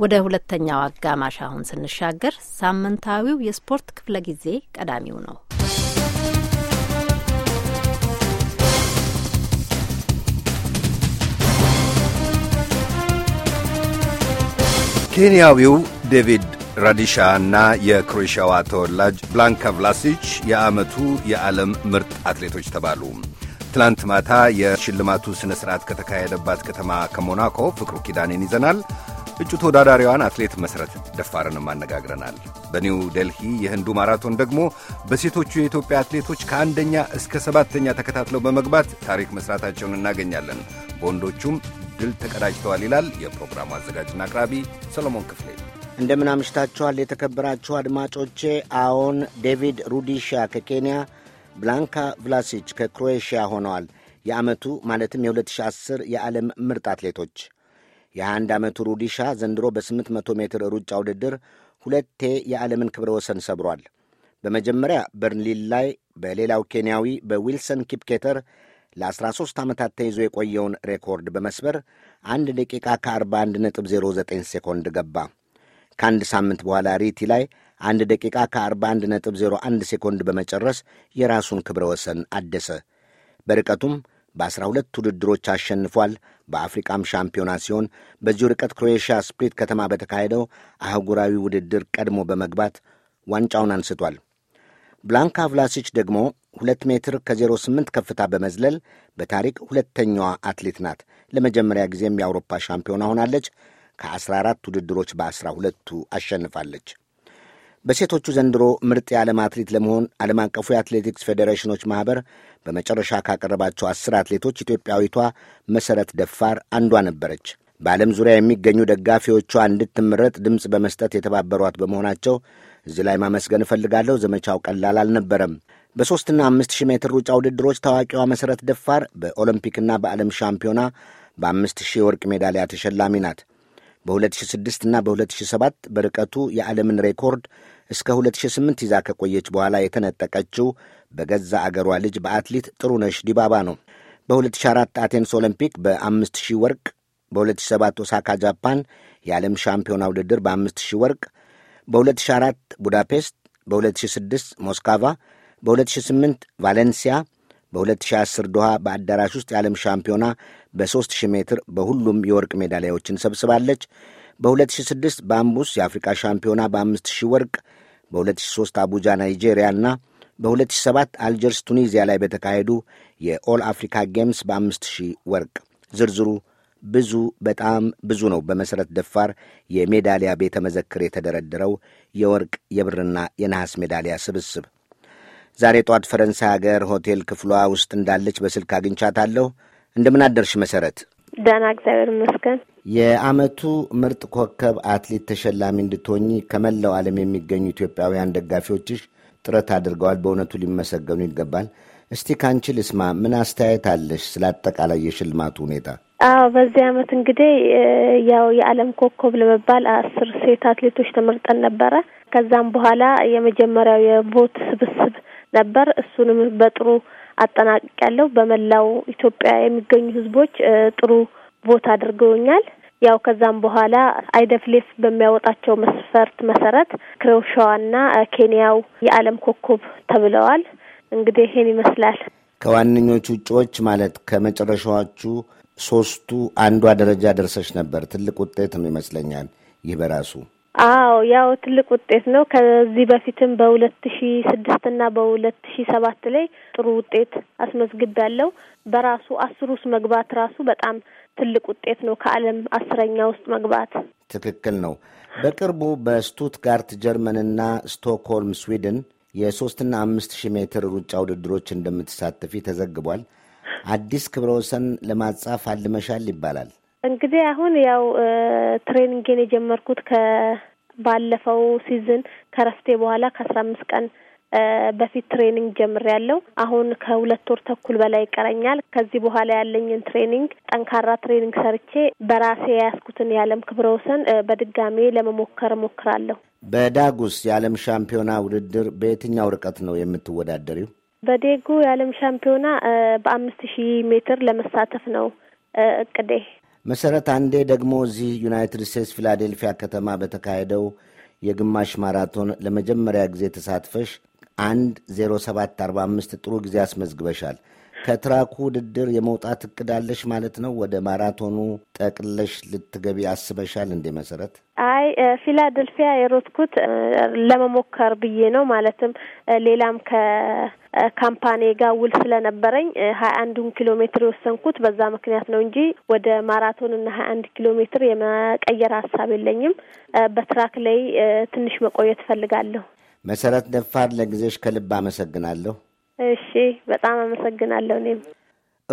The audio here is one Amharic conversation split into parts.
ወደ ሁለተኛው አጋማሽ አሁን ስንሻገር ሳምንታዊው የስፖርት ክፍለ ጊዜ ቀዳሚው ነው። ኬንያዊው ዴቪድ ራዲሻ እና የክሮኤሽያዋ ተወላጅ ብላንካ ቭላሲች የዓመቱ የዓለም ምርጥ አትሌቶች ተባሉ። ትላንት ማታ የሽልማቱ ሥነ ሥርዓት ከተካሄደባት ከተማ ከሞናኮ ፍቅሩ ኪዳኔን ይዘናል። እጩ ተወዳዳሪዋን አትሌት መሠረት ደፋርንም አነጋግረናል። በኒው ዴልሂ የህንዱ ማራቶን ደግሞ በሴቶቹ የኢትዮጵያ አትሌቶች ከአንደኛ እስከ ሰባተኛ ተከታትለው በመግባት ታሪክ መስራታቸውን እናገኛለን። በወንዶቹም ድል ተቀዳጅተዋል ይላል የፕሮግራሙ አዘጋጅና አቅራቢ ሰሎሞን ክፍሌ። እንደምን አምሽታችኋል የተከበራችሁ አድማጮቼ። አዎን ዴቪድ ሩዲሻ ከኬንያ፣ ብላንካ ቭላሲች ከክሮኤሽያ ሆነዋል የዓመቱ ማለትም የ2010 የዓለም ምርጥ አትሌቶች የ21 ዓመቱ ሩዲሻ ዘንድሮ በ800 ሜትር ሩጫ ውድድር ሁለቴ የዓለምን ክብረ ወሰን ሰብሯል። በመጀመሪያ በርሊን ላይ፣ በሌላው ኬንያዊ በዊልሰን ኪፕኬተር ለ13 ዓመታት ተይዞ የቆየውን ሬኮርድ በመስበር 1 ደቂቃ ከ41.09 ሴኮንድ ገባ። ከአንድ ሳምንት በኋላ ሪቲ ላይ 1 ደቂቃ ከ41.01 ሴኮንድ በመጨረስ የራሱን ክብረ ወሰን አደሰ። በርቀቱም በ12 ውድድሮች አሸንፏል። በአፍሪቃም ሻምፒዮና ሲሆን በዚሁ ርቀት ክሮኤሽያ ስፕሊት ከተማ በተካሄደው አህጉራዊ ውድድር ቀድሞ በመግባት ዋንጫውን አንስቷል። ብላንካ ቭላሲች ደግሞ 2 ሜትር ከ08 ከፍታ በመዝለል በታሪክ ሁለተኛዋ አትሌት ናት። ለመጀመሪያ ጊዜም የአውሮፓ ሻምፒዮና ሆናለች። ከ14 ውድድሮች በ12ቱ አሸንፋለች። በሴቶቹ ዘንድሮ ምርጥ የዓለም አትሌት ለመሆን ዓለም አቀፉ የአትሌቲክስ ፌዴሬሽኖች ማኅበር በመጨረሻ ካቀረባቸው አስር አትሌቶች ኢትዮጵያዊቷ መሠረት ደፋር አንዷ ነበረች። በዓለም ዙሪያ የሚገኙ ደጋፊዎቿ እንድትመረጥ ድምፅ በመስጠት የተባበሯት በመሆናቸው እዚህ ላይ ማመስገን እፈልጋለሁ። ዘመቻው ቀላል አልነበረም። በሦስትና አምስት ሺህ ሜትር ሩጫ ውድድሮች ታዋቂዋ መሠረት ደፋር በኦሎምፒክና በዓለም ሻምፒዮና በአምስት ሺህ የወርቅ ሜዳሊያ ተሸላሚ ናት። በ2006 እና በ2007 በርቀቱ የዓለምን ሬኮርድ እስከ 2008 ይዛ ከቆየች በኋላ የተነጠቀችው በገዛ አገሯ ልጅ በአትሌት ጥሩነሽ ዲባባ ነው። በ2004 አቴንስ ኦሎምፒክ በ5000 ወርቅ፣ በ2007 ኦሳካ ጃፓን የዓለም ሻምፒዮና ውድድር በ5000 ወርቅ፣ በ2004 ቡዳፔስት፣ በ2006 ሞስካቫ፣ በ2008 ቫሌንሲያ በ2010 ዶሃ በአዳራሽ ውስጥ የዓለም ሻምፒዮና በ3000 ሜትር በሁሉም የወርቅ ሜዳሊያዎችን ሰብስባለች። በ2006 በአምቡስ የአፍሪካ ሻምፒዮና በ5000 ወርቅ፣ በ2003 አቡጃ ናይጄሪያ እና በ2007 አልጀርስ ቱኒዚያ ላይ በተካሄዱ የኦል አፍሪካ ጌምስ በ5000 ወርቅ። ዝርዝሩ ብዙ በጣም ብዙ ነው። በመሠረት ደፋር የሜዳሊያ ቤተ መዘክር የተደረደረው የወርቅ የብርና የነሐስ ሜዳሊያ ስብስብ ዛሬ ጠዋት ፈረንሳይ ሀገር ሆቴል ክፍሏ ውስጥ እንዳለች በስልክ አግኝቻታለሁ። እንደምን አደርሽ መሰረት? ደህና እግዚአብሔር ይመስገን። የአመቱ ምርጥ ኮከብ አትሌት ተሸላሚ እንድትሆኚ ከመላው ዓለም የሚገኙ ኢትዮጵያውያን ደጋፊዎችሽ ጥረት አድርገዋል። በእውነቱ ሊመሰገኑ ይገባል። እስቲ ካንችል ልስማ። ምን አስተያየት አለሽ ስለ አጠቃላይ የሽልማቱ ሁኔታ? አዎ በዚህ አመት እንግዲህ ያው የዓለም ኮከብ ለመባል አስር ሴት አትሌቶች ተመርጠን ነበረ። ከዛም በኋላ የመጀመሪያው የቦት ነበር። እሱንም በጥሩ ያለው በመላው ኢትዮጵያ የሚገኙ ህዝቦች ጥሩ ቦታ አድርገውኛል። ያው ከዛም በኋላ አይደፍሌፍ በሚያወጣቸው መስፈርት መሰረት ክሮሻዋና ኬንያው የዓለም ኮከብ ተብለዋል። እንግዲህ ይሄን ይመስላል። ከዋነኞቹ ውጭዎች ማለት ከመጨረሻዎቹ ሶስቱ አንዷ ደረጃ ደርሰች ነበር። ትልቅ ውጤት ነው ይመስለኛል ይህ በራሱ አዎ ያው ትልቅ ውጤት ነው። ከዚህ በፊትም በሁለት ሺ ስድስት እና በሁለት ሺ ሰባት ላይ ጥሩ ውጤት ያለው በራሱ አስር ውስጥ መግባት ራሱ በጣም ትልቅ ውጤት ነው። ከዓለም አስረኛ ውስጥ መግባት ትክክል ነው። በቅርቡ በስቱትጋርት ጀርመንና ስቶክሆልም ስዊድን የሶስትና አምስት ሺህ ሜትር ሩጫ ውድድሮች እንደምትሳተፊ ተዘግቧል። አዲስ ክብረ ወሰን ለማጻፍ አልመሻል ይባላል። እንግዲህ አሁን ያው ትሬኒንግን የጀመርኩት ከባለፈው ሲዝን ከረፍቴ በኋላ ከአስራ አምስት ቀን በፊት ትሬኒንግ ጀምር ያለው አሁን ከሁለት ወር ተኩል በላይ ይቀረኛል። ከዚህ በኋላ ያለኝን ትሬኒንግ ጠንካራ ትሬኒንግ ሰርቼ በራሴ የያዝኩትን የዓለም ክብረ ወሰን በድጋሜ ለመሞከር እሞክራለሁ። በዳጉስ የዓለም ሻምፒዮና ውድድር በየትኛው ርቀት ነው የምትወዳደሪው? በዴጉ የዓለም ሻምፒዮና በአምስት ሺህ ሜትር ለመሳተፍ ነው እቅዴ። መሰረት አንዴ ደግሞ እዚህ ዩናይትድ ስቴትስ ፊላዴልፊያ ከተማ በተካሄደው የግማሽ ማራቶን ለመጀመሪያ ጊዜ ተሳትፈሽ 1 ጥሩ ጊዜ አስመዝግበሻል። ከትራኩ ውድድር የመውጣት እቅዳለሽ ማለት ነው? ወደ ማራቶኑ ጠቅለሽ ልትገቢ አስበሻል እንዴ? መሰረት አይ ፊላደልፊያ የሮጥኩት ለመሞከር ብዬ ነው። ማለትም ሌላም ከካምፓኒ ጋር ውል ስለነበረኝ ሀያ አንዱን ኪሎ ሜትር የወሰንኩት በዛ ምክንያት ነው እንጂ ወደ ማራቶንና ሀያ አንድ ኪሎ ሜትር የመቀየር ሀሳብ የለኝም። በትራክ ላይ ትንሽ መቆየት እፈልጋለሁ። መሰረት ደፋር፣ ለጊዜሽ ከልብ አመሰግናለሁ። እሺ፣ በጣም አመሰግናለሁ። እኔም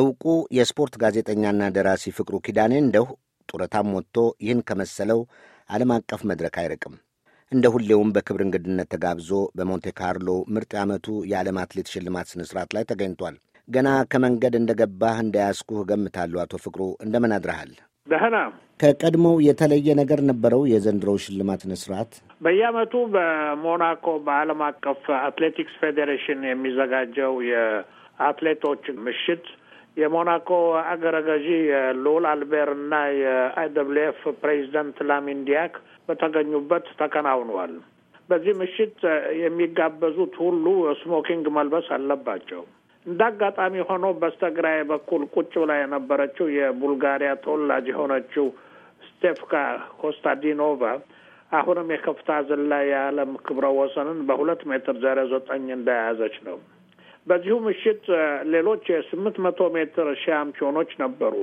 እውቁ የስፖርት ጋዜጠኛና ደራሲ ፍቅሩ ኪዳኔ እንደሁ ጡረታም ወጥቶ ይህን ከመሰለው ዓለም አቀፍ መድረክ አይርቅም። እንደ ሁሌውም በክብር እንግድነት ተጋብዞ በሞንቴ ካርሎ ምርጥ ዓመቱ የዓለም አትሌት ሽልማት ስነ ስርዓት ላይ ተገኝቷል። ገና ከመንገድ እንደ ገባህ እንደያዝኩህ እገምታለሁ። አቶ ፍቅሩ እንደምን አድረሃል? ደህና ከቀድሞው የተለየ ነገር ነበረው የዘንድሮው ሽልማት ስነ ስርዓት? በሞናኮ በአለም አቀፍ አትሌቲክስ ፌዴሬሽን የሚዘጋጀው የአትሌቶች ምሽት የሞናኮ አገረ ገዢ ሉል አልቤር እና የአይ ደብሊው ኤፍ ፕሬዚደንት ላሚን ዲያክ በተገኙበት ተከናውኗል። በዚህ ምሽት የሚጋበዙት ሁሉ ስሞኪንግ መልበስ አለባቸው። እንደ አጋጣሚ ሆኖ በስተግራይ በኩል ቁጭ ብላ የነበረችው የቡልጋሪያ ተወላጅ የሆነችው ስቴፍካ ኮስታዲኖቫ አሁንም የከፍታ ዝላ የዓለም ክብረ ወሰንን በሁለት ሜትር ዘረ ዘጠኝ እንደያዘች ነው። በዚሁ ምሽት ሌሎች የስምንት መቶ ሜትር ሻምፒዮኖች ነበሩ።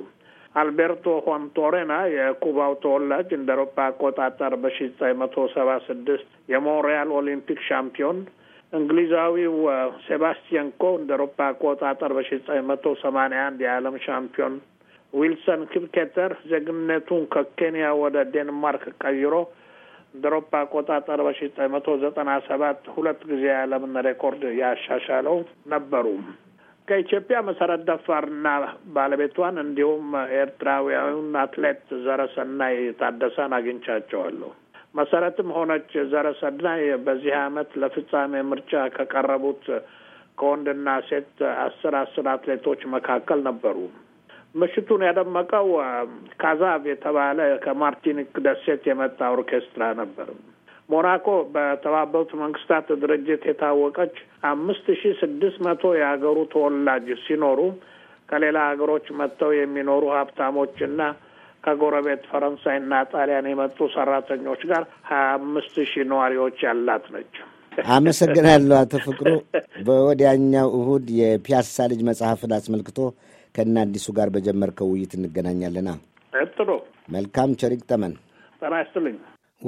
አልቤርቶ ሆንቶሬና የኩባው ተወላጅ እንደ አውሮፓ አቆጣጠር በሺ ዘጠኝ መቶ ሰባ ስድስት የሞንሪያል ኦሊምፒክ ሻምፒዮን እንግሊዛዊው ሴባስቲያን ኮ እንደ አውሮፓ አቆጣጠር በሺ ዘጠኝ መቶ ሰማኒያ አንድ የዓለም ሻምፒዮን ዊልሰን ክብኬተር ዜግነቱን ከኬንያ ወደ ዴንማርክ ቀይሮ እንደ አውሮፓ አቆጣጠር በሺ ዘጠኝ መቶ ዘጠና ሰባት ሁለት ጊዜ የዓለምን ሬኮርድ ያሻሻለው ነበሩ። ከኢትዮጵያ መሰረት ደፋርና ባለቤቷን እንዲሁም ኤርትራውያን አትሌት ዘረሰናይ ታደሰን አግኝቻቸዋለሁ። መሰረትም ሆነች ዘረሰናይ በዚህ አመት ለፍጻሜ ምርጫ ከቀረቡት ከወንድና ሴት አስር አስር አትሌቶች መካከል ነበሩ። ምሽቱን ያደመቀው ካዛቭ የተባለ ከማርቲኒክ ደሴት የመጣ ኦርኬስትራ ነበር። ሞናኮ በተባበሩት መንግስታት ድርጅት የታወቀች አምስት ሺ ስድስት መቶ የሀገሩ ተወላጅ ሲኖሩ ከሌላ ሀገሮች መጥተው የሚኖሩ ሀብታሞችና ከጎረቤት ፈረንሳይና ጣሊያን የመጡ ሰራተኞች ጋር ሀያ አምስት ሺህ ነዋሪዎች ያላት ነች። አመሰግናለሁ አቶ ፍቅሩ። በወዲያኛው እሁድ የፒያሳ ልጅ መጽሐፍን አስመልክቶ ከእነ አዲሱ ጋር በጀመርከው ውይይት እንገናኛለና ጥሩ መልካም ቸሪቅ ተመን ጤና ይስጥልኝ።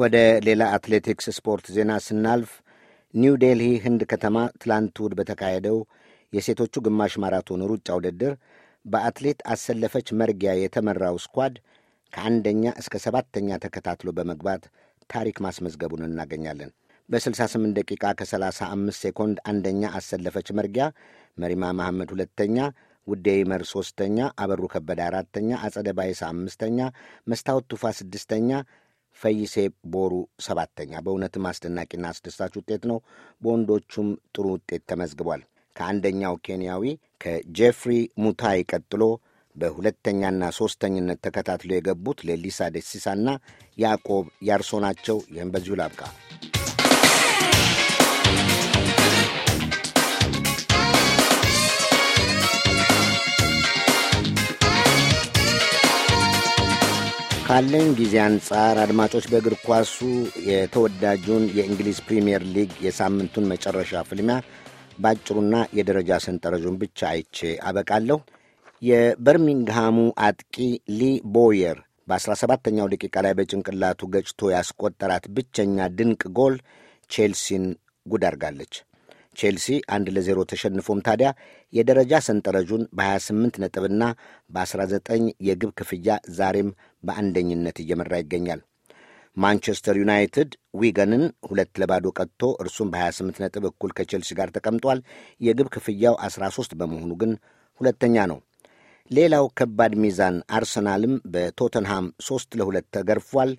ወደ ሌላ አትሌቲክስ ስፖርት ዜና ስናልፍ ኒው ዴልሂ ህንድ ከተማ ትላንት እሁድ በተካሄደው የሴቶቹ ግማሽ ማራቶን ሩጫ ውድድር በአትሌት አሰለፈች መርጊያ የተመራው ስኳድ ከአንደኛ እስከ ሰባተኛ ተከታትሎ በመግባት ታሪክ ማስመዝገቡን እናገኛለን። በ68 ደቂቃ ከ35 ሴኮንድ አንደኛ አሰለፈች መርጊያ፣ መሪማ መሐመድ ሁለተኛ፣ ውዴ ይመር ሦስተኛ፣ አበሩ ከበደ አራተኛ፣ አጸደ ባይሳ አምስተኛ፣ መስታወት ቱፋ ስድስተኛ፣ ፈይሴ ቦሩ ሰባተኛ። በእውነትም አስደናቂና አስደሳች ውጤት ነው። በወንዶቹም ጥሩ ውጤት ተመዝግቧል። ከአንደኛው ኬንያዊ ከጄፍሪ ሙታይ ቀጥሎ በሁለተኛና ሦስተኝነት ተከታትሎ የገቡት ሌሊሳ ደሲሳና ያዕቆብ ያርሶ ናቸው። ይህም በዚሁ ላብቃ። ካለኝ ጊዜ አንጻር አድማጮች በእግር ኳሱ የተወዳጁን የእንግሊዝ ፕሪምየር ሊግ የሳምንቱን መጨረሻ ፍልሚያ በአጭሩና የደረጃ ሰንጠረዡን ብቻ አይቼ አበቃለሁ። የበርሚንግሃሙ አጥቂ ሊ ቦየር በ17ኛው ደቂቃ ላይ በጭንቅላቱ ገጭቶ ያስቆጠራት ብቸኛ ድንቅ ጎል ቼልሲን ጉድ አርጋለች። ቼልሲ አንድ ለዜሮ ተሸንፎም ታዲያ የደረጃ ሰንጠረዡን በ28 ነጥብና በ19 የግብ ክፍያ ዛሬም በአንደኝነት እየመራ ይገኛል። ማንቸስተር ዩናይትድ ዊገንን ሁለት ለባዶ ቀጥቶ እርሱም በ28 ነጥብ እኩል ከቼልሲ ጋር ተቀምጧል። የግብ ክፍያው 13 በመሆኑ ግን ሁለተኛ ነው። ሌላው ከባድ ሚዛን አርሰናልም በቶተንሃም ሦስት ለሁለት ተገርፏል።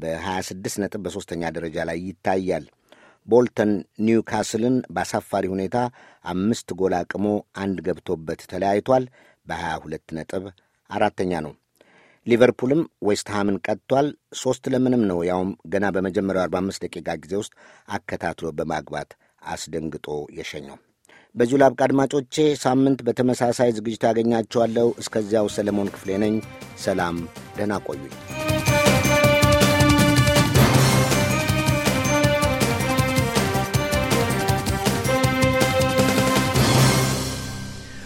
በ26 ነጥብ በሦስተኛ ደረጃ ላይ ይታያል። ቦልተን ኒውካስልን በአሳፋሪ ሁኔታ አምስት ጎል አቅሞ አንድ ገብቶበት ተለያይቷል። በ22 ነጥብ አራተኛ ነው። ሊቨርፑልም ዌስትሃምን ቀጥቷል። ሦስት ለምንም ነው ያውም ገና በመጀመሪያው 45 ደቂቃ ጊዜ ውስጥ አከታትሎ በማግባት አስደንግጦ የሸኘው። በዚሁ ላብቃ። አድማጮቼ ሳምንት በተመሳሳይ ዝግጅት አገኛችኋለሁ። እስከዚያው ሰለሞን ክፍሌ ነኝ። ሰላም፣ ደህና ቆዩኝ።